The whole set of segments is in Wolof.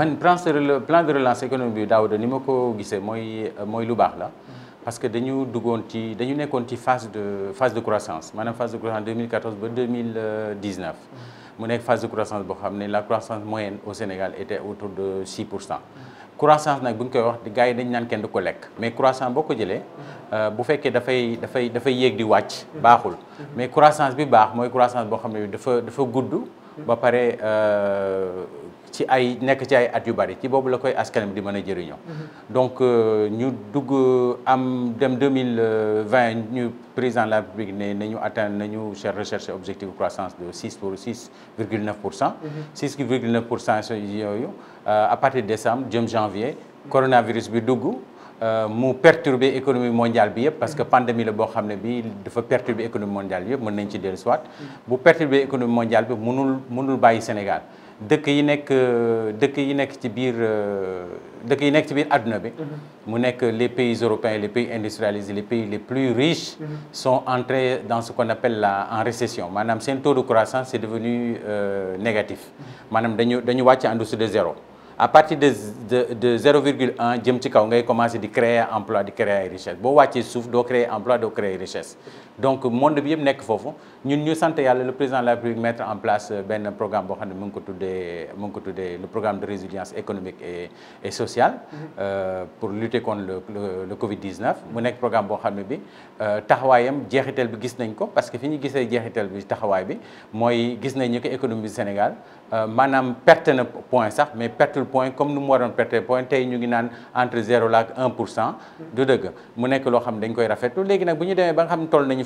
man plan le plan de relance économique bi daaw de ni ma ko gisee mooy lu bax la parce que dañu dugon ci dañu nekkoon ci phase de phase de croissance manam phase de croissance 2014 ba 2019 mu nek phase de croissance bo xamné la croissance moyenne au Sénégal était autour de 6 pour cent croissance nak bu ñu koy wax di gaay dañ naan kenn du ko lekk mais croissance boo ko euh, bu da fay da fay yéeg di wàcc baaxul mais croissance bi bax moy croissance boo xam ne dafa dafa gudd ba euh, ci ay nek ci ay at yu bari ci bobu la koy askan bi di mën a mhm. donc euh, ñu dugg am dem deux mille vingt ñu président de la République né nañu atteindre nañu cher recherche objectif croissance de six pour six virgule neuf pour cent. Mhm. six virgule neuf pour cent euh, à partir de décembre jëm janvier. coronavirus bi dugg. Euh, mu perturber l'économie mondiale bi parce que pandémie la pandémie a perturbé l'économie perturber mondiale bi a mën nañ ci soit bu perturber économie mondiale bi mënul mënul Sénégal dëkk yi nek dëkk yi nek ci euh, ci bi mu les pays européens les pays industrialisés les pays les plus riches sont entrés dans ce qu'on appelle la en récession Madame, seen taux de croissance c'est devenu euh, négatif manam dañu dañu wàcc en dessous de zéro à partir de 0,1 jëm ci à ngay créer emploi à créer richesse. richesse tu souffres, tu doo créer emploi doo créer richesse donc monde bi yëpp nekk Nous ñun ñu sant le président de la République mettre en place un euh, programme bo xam ne ko tuddee mu ko le programme de résilience économique et et sociale. Mm-hmm. Euh, pour lutter contre le le Covid 19. mu nek programme bo xam bi euh taxawayam jeexital bi gis nañ ko parce que fi ñu gisee jeexital bi taxaway bi moy gis nañ ni que économie du Sénégal euh, Manam perte na point sax mais pertul point comme nous mu waroon perte point tey ñu ngi naan entre 0,1% la ak mm-hmm. du dëgg mu nek lo xam dañ koy rafetlu légui nak buñu démé ba nga xam toll nañu.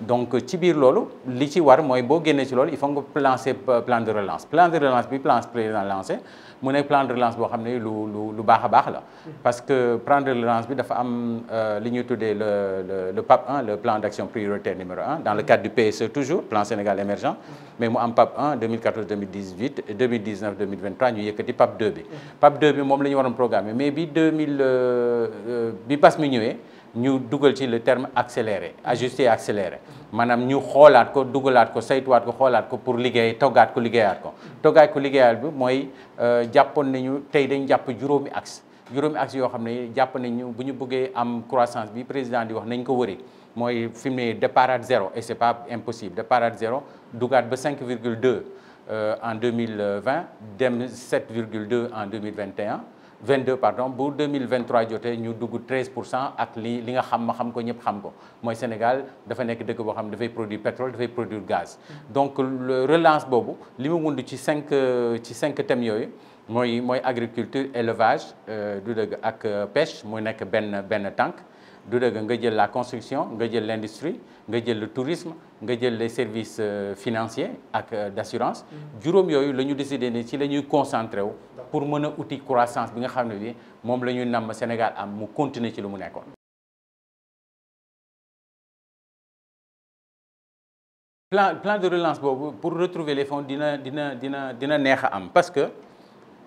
donc ci qui est li ci war il faut lancer euh, plan de relance plan de relance bi plan de relance. plan de relance est xam parce que plan de relance bi euh, le PAP 1 le plan d'action prioritaire numéro 1 dans le cadre du PSE toujours plan Sénégal émergent mais en PAP 1 2014 2018 2019 2023 ñu le PAP 2 bi mm-hmm. PAP 2 bi moom que ñu waroon programme mais bi 2000 euh, bi pas de ñu dugal ci le terme accéléré ajusté accéléré maanaam ñu xoolaat ko dugalaat ko saytuwaat ko xoolaat ko pour liggéey toggaat ko liggéeyaat ko toggaat ko liggéeyaat bi mooy euh, jàppoon nañu tey dañ jàpp juróomi axe juróomi axe yoo xam ne jàpp nañu bu ñu am croissance bi président di wax nañ ko wëri mooy fi mu ne départ à zéro et c'est pas impossible départ à zéro dugaat ba 5,2 euh, en 2020 dem 7 en 2021 22 pardon pour 2023 jotee ñu dugg 13 ak li li nga xam ma xam ko ñep xam ko moy Sénégal dafa nekk dëkk bo xam da fay produire pétrole fay produire gaz. Mm-hmm. donc le relance bobu limu mu wund ci 5 ci 5 thèmes yooyu moy moy agriculture élevage euh, du dëgg ak euh, pêche moy nekk ben ben tank, du dëgg nga jël la construction nga jël l'industrie nga jël le tourisme nga jël les services euh, financiers ak d'assurance. Mm-hmm. juroom yooyu lañu décider ni ci lañuy concentrer pour mon outil croissance bi nga xam bi nous Sénégal am mu continuer ci lu mu plan plan de relance pour retrouver les fonds dina dina dina dina parce que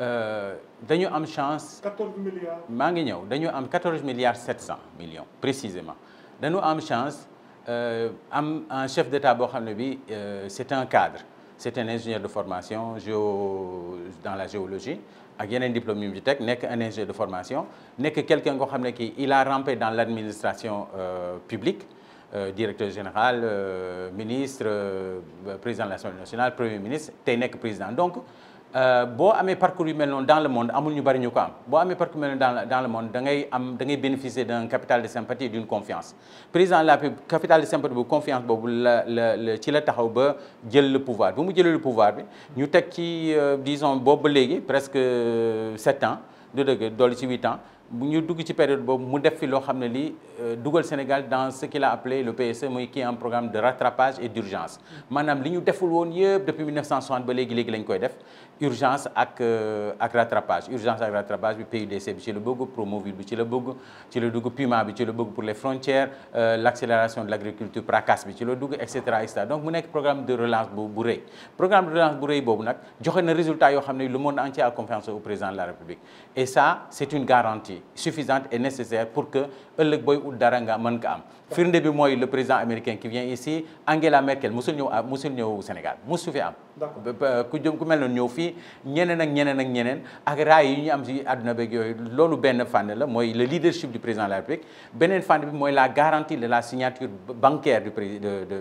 euh, dañu am chance. 14 milliards nous avons 14 milliards 700 millions précisément dañu am chance euh, un chef d'état boo euh, c'est un cadre c'est un ingénieur de formation dans la géologie a un diplôme de Tech, ci ingénieur de formation que quelqu'un qui il a rampé dans l'administration euh, publique euh, directeur général euh, ministre président de l'Assemblée nationale premier ministre n'est que président donc euh, Bo amee parcours yu mel non dans le monde amul ñu bari ñu ko am boo amee parcours mel dans le monde da ngay am da ngay bénéficier d'un capital de sympathie et d'une confiance président de la capital de sympathie bu confiance boobu le, la ci la taxaw ba jël le pouvoir bu mu le pouvoir bi ñu teg ci euh, disons boobu ba presque euh, sept ans du dëgg dolli ci ans bu ñu dugg ci période boobu mu def fi Sénégal dans ce qu'il a appelé le PSE qui est un programme de rattrapage et d'urgence maanaam li ñu deful woon depuis 1960 ba léegi léegi lañ koy def urgence ak euh, ak rattrapage urgence ak rattrapage bi PUDC bi ci le bëgg Promoville bi ci le ci Puma bi ci pour les frontières euh, l'accélération de l'agriculture PRACAS bi ci la dugg et cetera donc programme de relance bu bu programme de relance bu rëy bobu nak joxe na résultat yoo le monde entier a confiance au président de la République et ça c'est une garantie suffisante et nécessaire pour que ëllëg booy ut dara nga mën ka am firnde bi mooy le président américain qui vient ici Angela Merkel musul ñëw ah, musul ñëw Sénégal musu fi am ku jëm ku mel noonu ñëw fii ñeneen ak ñeneen ak ñeneen ak raay yi ñu am si àdduna beeg yooyu loolu benn fànn la mooy le leadership du président de la République beneen fànn bi mooy la garantie de la signature bancaire du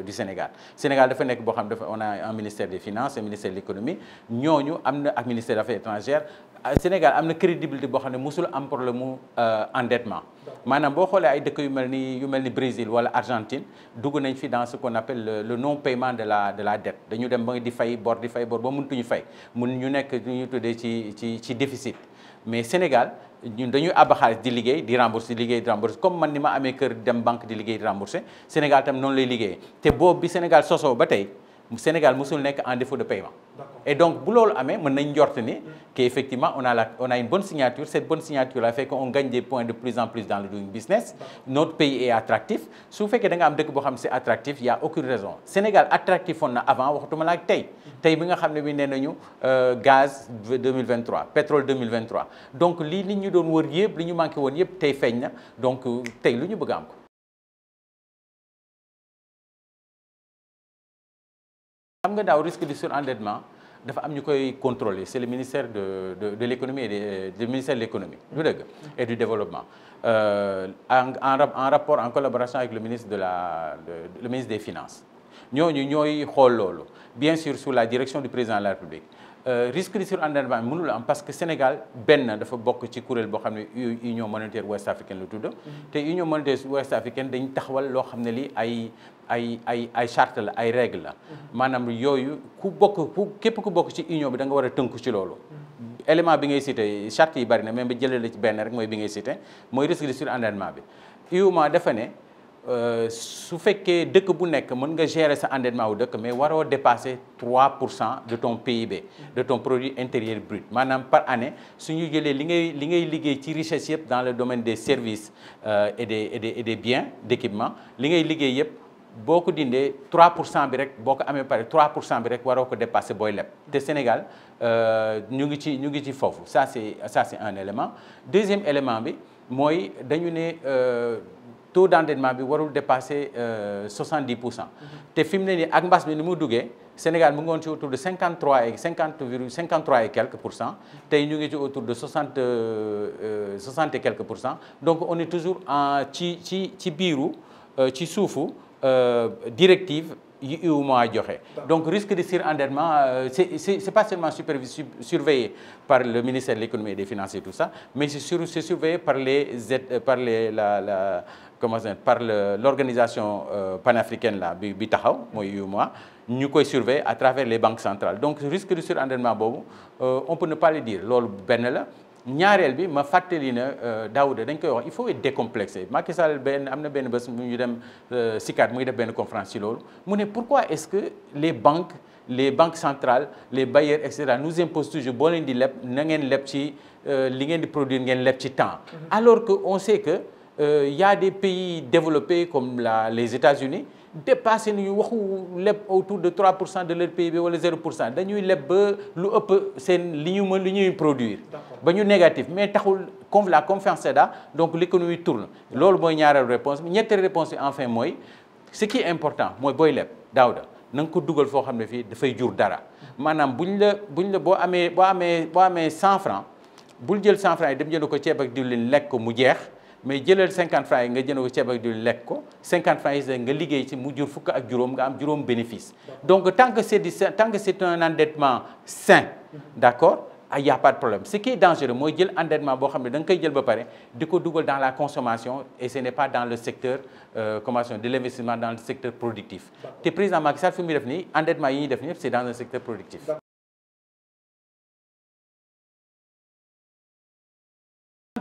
du Sénégal Sénégal dafa nekk boo xam dafa on a un ministère des finances un ministère de l'économie ñooñu am na ak ministère des affaires étrangères ah, Sénégal am na crédibilité boo xam ne musul am problème mu euh, endettement Maintenant, si vous avez dëkk yu Brésil ou Argentine vous nañ dans ce qu'on appelle le, non paiement de la de la dette dañu dem ba di fay bor di déficit mais Sénégal ñun dañuy àbb de di liggéey di rembourser comme ma kër dem banque di liggéey Sénégal tam non lay liggéeyee te si bi Sénégal le Sénégal en défaut de paiement et donc bu loolu amee mën nañ ni que effectivement on a on a une bonne signature cette bonne signature a fait qu'on gagne des points de plus en plus dans le doing business notre pays est attractif su que da nga am dëkk boo xam c'est attractif il y a aucune raison Sénégal attractif on a avant le laak tey tey bi nga xam ne bi nee euh, gaz 2023 pétrole 2023 donc lii nit ñu doon wër yëpp li ñu manqué woon yëpp na donc tey lu ñu bëgg am ko nga daaw risque de surendettement dafa am ñukoy c'est le ministère de de l'économie et du ministère de l'économie et du développement euh, en en rapport en collaboration avec le ministre de la le ministre des finances nous ñoy xol bien sûr sous la direction du président de la République euh, risque de surendettement mënul am parce que Sénégal ben dafa bok ci kuréel bo xamné union monétaire ouest africaine le tudde mm-hmm. té union monétaire ouest africaine dañ taxawal lo xamné li ay ay ay ay charte la ay règle la. manam mm-hmm. yooyu ku bok ku képp ku bok ci union bi da nga wara a ci lolu mm-hmm. élément bi ngay cité charte yi bari na même bi jëlee la ci ben rek moy bi ngay cité moy risque de surendettement bi iuma dafa né euh, su fekkee dëkk bu nekk mën nga gérer sa endettement ou dëkk mais waroo dépasser 3 de ton PIB de ton produit intérieur brut maanaam par année su ñu jëlee li ngay li ngay liggéey ci richesse yëpp dans le domaine des services euh, et des et des et des biens d'équipement li ngay liggéey yëpp boo ko 3 pour cent bi rek boo ko amee 3 pour cent bi rek waroo ko dépasser boy leb te Sénégal euh ñu ngi ci ñu ngi ci fofu ça c'est ça c'est un élément deuxième élément bi moy dañu né euh taux d'endettement endettement bi warul dépasser 70 té fimné ni ak mbass bi ni Sénégal mu ngi autour de 53 et 50 et quelques pourcents mhm. té ñu ngi ci autour de 60 60 euh, euh, et quelques pourcents. donc on est toujours en ci ci ci biiru euh, ci directive yi UEMOA donc risque de surendettement c'est c'est pas seulement supervisé surveillé par le ministère de l'économie et des finances et tout ça mais c'est c'est surveillé par les par les la la comment par l'organisation euh, panafricaine là bi bi taxaw mooy UEMOA ñu surveiller à travers les banques centrales donc risque de surendettement boobu euh, on peut ne pas le dire loolu benn la ñaareel bi ma fàttali na euh, Daouda dañ koy wax il faut être décomplexé Macky Sall benn am na benn bés mu ñu dem def conférence ci loolu pourquoi est-ce que les banques les banques centrales les bailleurs et cetera nous imposent toujours boo leen di leb na ngeen leb ci li ngeen di produire ngeen lep ci temps mm-hmm. alors que on sait que il euh, y a des pays développés comme la, les États-Unis dépassent nañu waxu autour de 3 de leur PIB ou les 0 pour cent dañuy ce ba lu ëpp produire. négatif mais taxul comme la confiance céda donc l'économie tourne. loolu mooy ñaareelu réponse ñetteelu réponse enfin mooy ce qui est important C'est booy leb daaw da ko dougal fo xamné ne da fay jur dara manam buñ la buñ la bo amé bo amé bo amé 100 francs buul jël 100 francs dem jënd ko ceeb ak diwlin lekk ko mu jeex mais 50 francs 50 francs donc tant que c'est un endettement sain mhm. d'accord il ah, n'y a pas de problème ce qui est dangereux c'est jël endettement dans la consommation et ce n'est pas dans le secteur euh, de l'investissement dans le secteur productif es président endettement c'est dans le secteur productif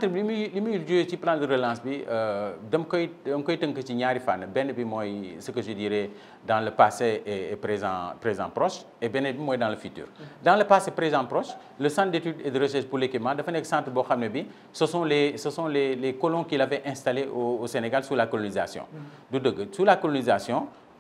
centre bi li muy li muy plan de relance bi euh, dam koy dam koy tënk ci ñaari fan benn bi moy ce que je dirais dans le passé et présent présent proche et beneen bi moy dans le futur. Mm-hmm. dans le passé présent proche le centre d'études et de recherche pour l'équipement dafa nek centre bo xamné bi ce sont les ce sont les les colons qui l'avaient installé au au Sénégal sous la colonisation. Mm-hmm. du sous la colonisation.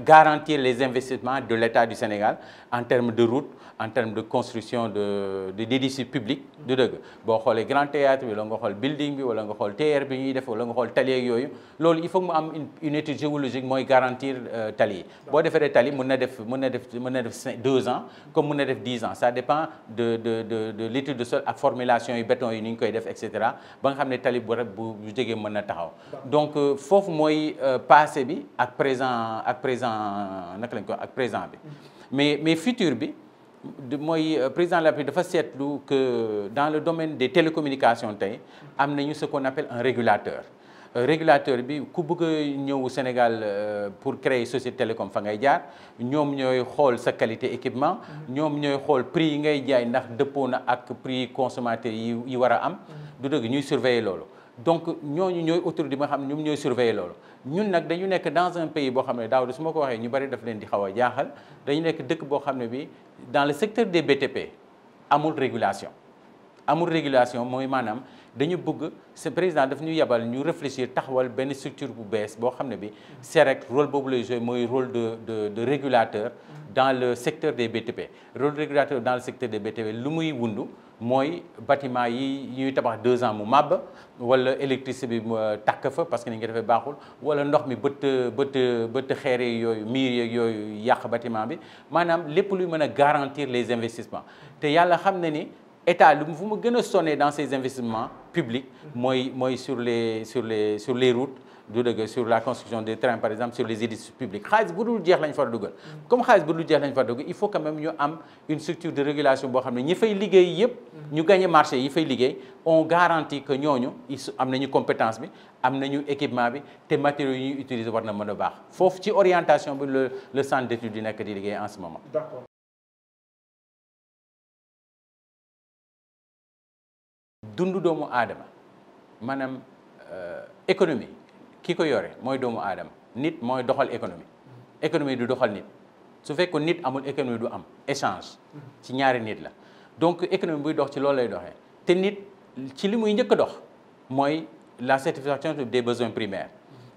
garantir les investissements de l'État du Sénégal en termes de routes, en termes de construction d'édifices de, de, publics de dëgg boo xoolee grand théâtre bi wala nga xool building bi wala nga xool TR bi ñuy def wala nga il faut mu am une étude géologique pour garantir euh, tali yi Si on tali mën na def mën na deux ans comme mën na dix ans ça dépend de de de de l'étude de sol formulation du béton yi ni ñu koy def et cetera ba nga xam ne tali bu rek bu donc euh, foofu mooy euh, passé bi ak présent ak présent président naka lañ ko ak bi mais mais futur bi moy euh, président de la République dafa setlu que dans le domaine des télécommunications tay am nañu ce qu'on appelle un régulateur euh, régulateur bi ku bëgg a ñëw Sénégal euh, pour créer société télécom fa ngay jaar ñom ñoy xol sa qualité équipement ñom ñoy xol prix ngay jaay ndax depona na ak prix consommateur yi wara am mm-hmm. du deug ñuy surveiller lolu donc ñooñu ñooy autorité bi nga xam ne ñoom ñooy surveiller loolu ñun nag dañu nekk dans un pays boo xam ne daaw su ma ko waxee ñu bari daf leen di xaw a dañu nekk dëkk boo xam bi dans le secteur des BTP amul régulation amul régulation mooy maanaam dañu bëgg ce président daf ñu yebal ñu réfléchir taxawal benn structure bu bees boo xam ne bi CEREC rôle boobu lay joué mooy rôle de de de régulateur dans le secteur des BTP rôle régulateur dans le secteur des BTP lu muy wundu moy bâtiment yi ñuy tabax deux ans mu mab wala électricité bi euh, tak fa parce que ni nga defee baxul wala ndox mi beut beut beut xéré yoy yooyu miir yeeg yoy yak bâtiment bi manam lepp luy mëna garantir les investissements té yalla xamné ni état lu mu fu gëna sonné dans ces investissements publics moy moy sur les sur les sur les routes du dëgg sur la construction des trains par exemple sur les édifices publics xaalis bu dul jeex lañ far dugal comme xaalis bu dul jeex lañ far dugal il faut quand même ñu am une structure de régulation boo xam ne ñi fay liggéey yëpp ñu gagné marché yi fay liggéey on garantit que ñooñu ils am nañu compétences, bi am nañu équipement bi te matériaux yi ñuy utiliser war na mën baax foofu ci orientation bi le centre d'étude di nekk di liggéey en ce moment d'accord dundu doomu aadama maanaam euh, économie ki ko yore moy doomu adam nit moy doxal économie économie du doxal nit su fekkoon nit amul économie du am échange ci ñaari nit la donc économie buy dox ci lolay doxé té nit ci limuy ñëk dox moy la satisfaction des besoins primaires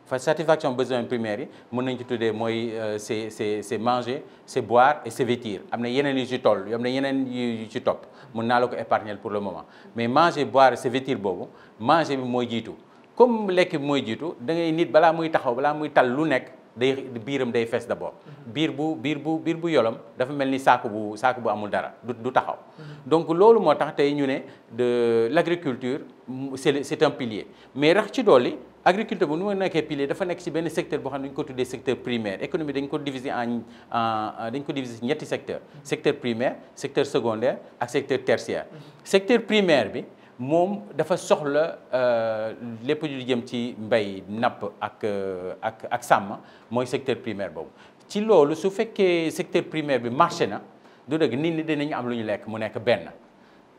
fa satisfaction besoins primaires yi mën nañ ci tuddee moy euh, c'est c'est c'est manger c'est boire et c'est vêtir amna yenen yeneen yu ci toll am na yenen yu ci top mën na la ko épargner pour le moment mais manger boire et se vêtir bobu manger bi mooy jiitu comme l'équipe bi mooy da ngay nit bala muy taxaw bala muy tal lu nek day biram day fess d'abord mhm. bir bu bir bu bir bu yolam dafa mel ni saako bu saako bu amul dara du taxaw mhm. donc lolu motax tay tey ñu ne de l'agriculture c'est c'est un pilier mais rax ci doli agriculture bu ñu ma nekkee pilier dafa nek ci ben secteur bo xamni ñu ko tuddee secteur primaire économie dañ ko diviser en dañ ko diviser ci ñetti secteur mhm. secteur primaire secteur secondaire ak secteur tertiaire secteur primaire bi moom dafa soxla euh, lépp lu jëm ci mbay napp ak euh, ak ak sàmm mooy secteur primaire boobu ci loolu su fekkee secteur primaire bi marché na du dëgg nit ñi dinañu am lu ñu lekk mu nekk benn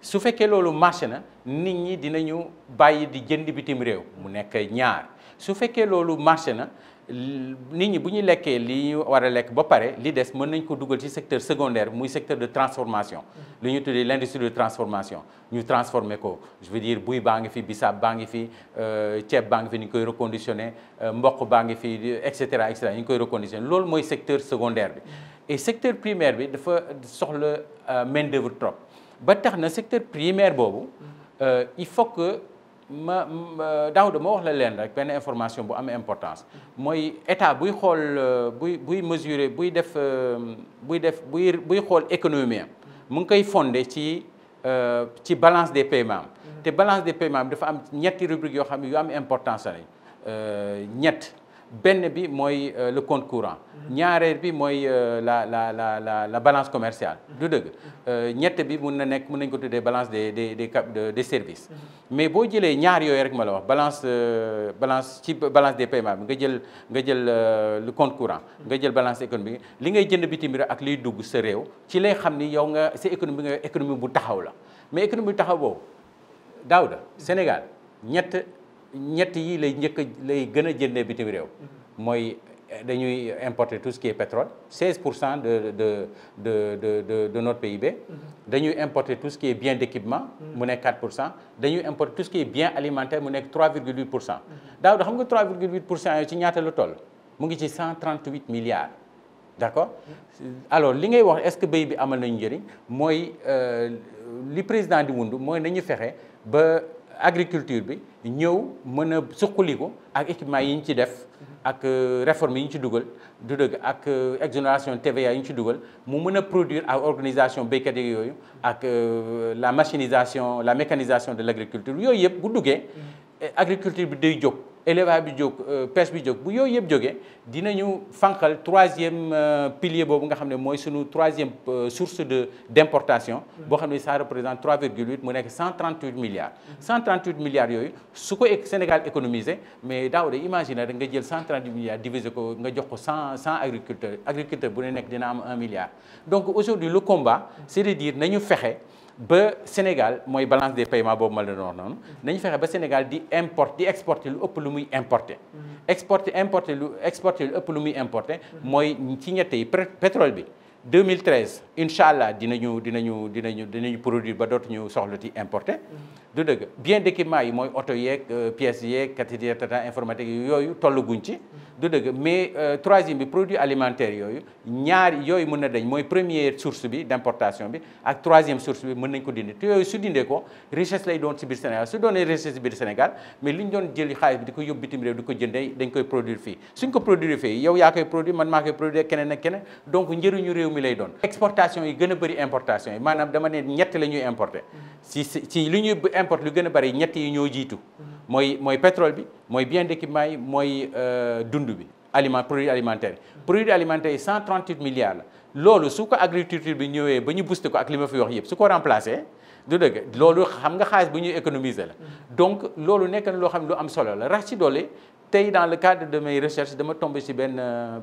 su fekkee loolu marché na nit ñi dinañu bàyyi di jënd bitim réew mu nekk ñaar su fekkee loolu marché na nit ñi bu ñu lekkee li ñu war a lekk ba pare li des mën nañ ko dugal ci secteur secondaire muy secteur de transformation mm-hmm. li ñu tuddee l'industrie de transformation ñu transformer ko je veux dire Bouy baa ngi fi bisaab baa ngi fi euh, ceeb baa ngi fi ni ñu koy reconditionné euh, mboq baa ngi fi et cetera et cetera ñu koy reconditionné loolu mooy secteur secondaire bi mm-hmm. et secteur primaire bi dafa soxla euh, main d'œuvre trop ba tax na secteur primaire boobu mm-hmm. il faut que ma daaw dama wax la leen rek benn information bu am importance mooy état buy xool euh, buy buy mesurer buy def euh, buy def buy buy xool économie am koy fondé ci euh, ci balance des paiements mm-hmm. te balance des paiements bi dafa am ñetti rubrique yo xam ne yu am importance lañ ñett benn bi moy euh, le compte courant ñaarer bi moy euh, la la la la la balance commerciale du dëgg euh, ñett bi mun na nekk mun nañ ko tuddee balance des des des de des services mais bo jëlé ñaar yo rek mala wax balance balance ci balance des paiements nga jël nga jël le compte courant nga jël balance économique li ngay jënd bitim ak li dugg sa réew ci lay xamni yow nga c'est économie nga économie bu taxaw la mais économie bu taxaw bo daaw Sénégal ñett nous yi lay ñëk lay gëna jëndé bitim réew eh, dañuy importer tout ce qui est pétrole 16 de de de de de notre PIB. dañuy importer tout ce qui est bien d'équipement. mu 4 Nous avons dañuy importer tout ce qui est bien alimentaire mu 3,8 Nous avons xam nga 3,8 ci ñaata la toll mu ngi ci 138 milliards. d'accord alors li ngay wax est-ce que béy bi amal nañu moy euh li président di wundu moy nañu fexé ba agriculture bi ñew mëna a suqaliku ak équipement yiñ ci def ak euh, réforme yiñ ci duggal du deug ak euh, exonération TVA yiñ ci duggal mu mëna produire à organisation béykat yi yoyu ak euh, la machinisation la mécanisation de l'agriculture. agriculture yooyu yëpp bu duggee mm-hmm. agriculture bi day jóg élevage bi jóg euh, pêche bi bu troisième euh, pilier boobu nga troisième euh, source de d' ça représente 3,8 mu 138 milliards 138 milliards yooyu su le Sénégal économiser mais daaw de imaginer nga jël 138 milliards diviser ko nga jox ko 100 agriculteurs, agriculteurs agriculteur avez ne dina am 1 milliard donc aujourd'hui le combat c'est de dire nañu fexe ba Sénégal mooy balance des paiements boobu mal la doon wax noonu nañu ba Sénégal di importe di exporter lu ëpp lu muy importer. Mm-hmm. exporter importer lu exporter lu ëpp lu muy importer. mooy ci ñette pétrole bi 2013 incha allah dinañu dinañu dinañu dinañu produire ba dootuñu soxlati importer. Mm-hmm. du dëgg bien d'équipement yi mooy oto yeeg euh, pièces yeeg cathédrata informatique yooyu tolluguñ ci. Mm-hmm du mais euh, troisième bi produit alimentaire yoy ñaar yoy mëna dañ moy première source bi d'importation bi ak troisième source bi mën ko dindi te yooyu su dindé ko richesse lay doon ci bir Sénégal su donné richesse biir Sénégal mais liñ ñu doon jëli xaalis bi di ko yóbbu bitim réew di dañ koy produire fi suñ ko produire fi yow ya koy produire man maa koy produire keneen ak keneen donc njëriñu réew mi lay doon exportation yi gëna bari importation yi manam dama né ñett la importer si si li ñuy importe lu gëna bari ñett yi ñoo jiitu moy mooy pétrole bi moy bien d'équipement moy euh, dundu bi aliment produit alimentaire produit alimentaire 138 milliards lolu loolu agriculture bi ñëwé bañu booster ko ak li fi wax yépp su remplacer du dëgg loolu xam nga xaalis bu ñu économiser la donc lolu nek na lo xam lu am solo la rax ci dolé tay dans le cadre de mes recherches dama tombé ci ben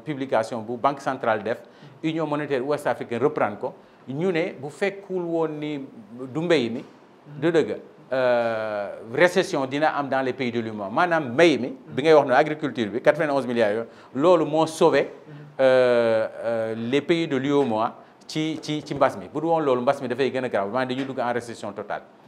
publication bu banque centrale def union monétaire ouest africaine reprendre ko ñu ne bu fekkul woon ni du mbéy euh, récession dina am dans les pays de l'UEMOA Manam mbay mi bi wax agriculture 91 milliards yooyu loolu euh, sauvé euh, les pays de l'UEMOA ci ci ci mbas mi bu du woon loolu mbas mi dafay gën a grave maanaam dañuy dugg en récession totale